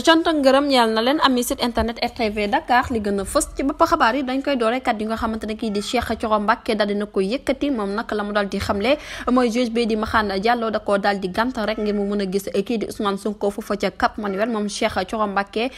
Contoh ngeureum ñal na len ami site internet RTV Dakar li gëna fess ci bopp xabar yi dañ koy doore kat yi nga xamantene ki di Cheikh Thioro Mbacké dal dina ko yëkëti mom nak lamu dal di xamlé moy juge bi di Mahane Diallo da ko dal di gàntal rek ngir mu mëna a gis eh, ki di Ousmane Sonko fa ca Cap Manuel mom Cheikh Thioro Mbacké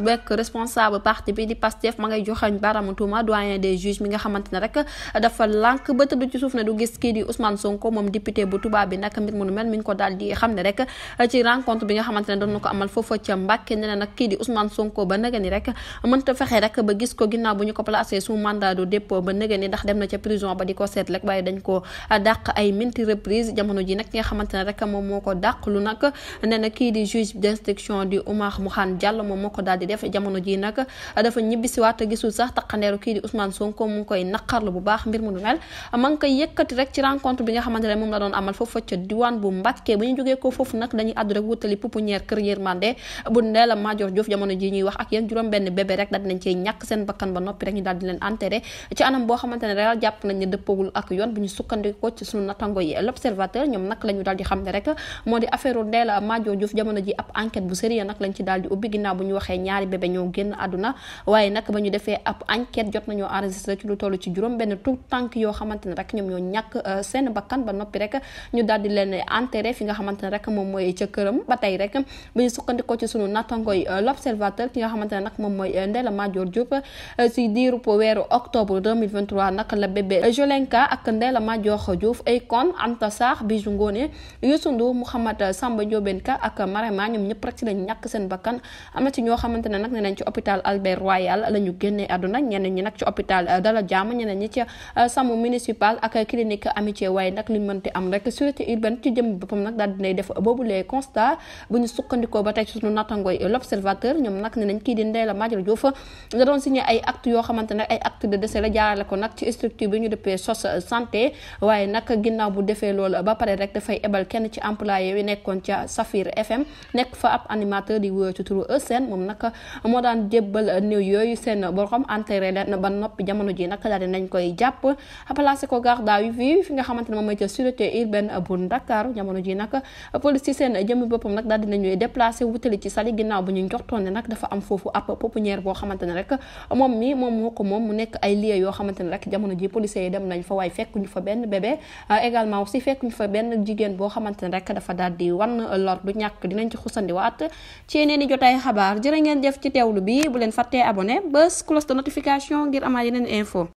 bekk euh, responsable parti bi di Pastef ma ngay joxañ baaraamu tuuma doyen des juges mi nga xamantene rek dafa lank ba tëdd ci suuf ne du gis ki di Ousmane Sonko mom député bu tubaab bi nak mbir mu mel mi ko dal di xamné rek ci rencontre bi nga xamantene ne doon amal fofu ca Mbàkke ne na nag kii di Ousmane Sonko ba naga ni rek mënta fexe rek ba gis ko ginnaaw bu ñu ko placé su mandat du dépôt ba ni ndax dem na ca prison ba di ko seet lek waaye dañ ko dàq ay minti reprise jamono ji nag nga xamante ne rek moom moo ko lu nag ne na kii di juge d'instruction di Omar Mohan Diallo moom moo ko daal di def jamono ji nag dafa ñibbisiwaat gisul sax taqandeeru kii di Ousmane Sonko mu ngi koy naqarlu bu baax mbir mu nu mel ma ngi koy yëkkati rek ci rencontre bi nga xamante ne moom la doon amal foofu ca diwaan bu Mbàkke bu ñu jógee ko foofu nag dañuy àddu rek wutali pouponnière carrière mandé bu Ndella Madior Diouf jamono ji ñuy wax ak yéen juróom-benn bébé rek daal dinañ cee ñàkk di ne daal jàpp nañ ne dëppawul ak yoon bu ñu sukkandikoo ci suñu natango yi l'observateur ñoom nag ñu daal di xam ne rek moo di affaire Ndella Madior Diouf jamono ji ab enquête bu sérieux nag lañ ci daal di ubbi ginnaaw bu ñu waxee ñaari bébé ñoo génn àdduna waaye nag ba ñu defee ab enquête jot nañoo enregistré ci lu toll ci juróom-benn tout tànk yoo xamante ne rek ñoom ñoo ñàkk euh, seen bakkan ba noppi rek ñu daal di leen enterré fi nga xamante ne rek moom mooy ca këram ba tey rek bu ñu sukkandikoo ci sunu suñu nattangoy euh, l'observateur ki nga xamante ne nag moom mooy euh, Ndella Madior Diop si euh, diiru weeru octobre 2023 nag la bébé Jolenka ak Ndella Madior Diouf Akon Anta Sarr Bijou Ngoné Youssou Ndour Mouhamed Samba Ndiobène Ka ak Marema ma ñëpp rek si lañ ñàkk seen bakkan am na ci ñoo xamante ne nag ne nañ ci hôpital Albert Royal la ñu génnee àdduna ñeneen ñi nak ci hôpital Dalal Jamm ñeneen ñi ci SAMU municipal ak clinique Amitié waaye nag li mënti am rek sûreté urbaine ci jëm boppam nag daal dinay def boobu les naataangoy l'observateur ñoom nag ne nañ kii di Ndella Madior Diouf da doon signé ay acte yoo xamante nag ay acte de décès la jaarale ko nag ci structure bi ñu dëppee SOS santé waaye nag nekkoon ci turu yi ginnaaw bu ñu joxtoon ne nag dafa am foofu ab pouponnière boo xamante ne rek moom mi moom moo ko moom mu nekk ay lieux yoo xamante ne rek jamono ji policiers yi dem nañ fa waaye fekk ñu fa benn bébé euh, également aussi fekk ñu fa benn jigéen boo xamante ne rek dafa daal di wan lor du ñàkk dinañ ci xusandiwaat ci yeneen i jotaay xabaar jërë ngeen jëf ci teew lu bi bu leen fàttee abonné bés cloche de notification ngir amaat yeneen info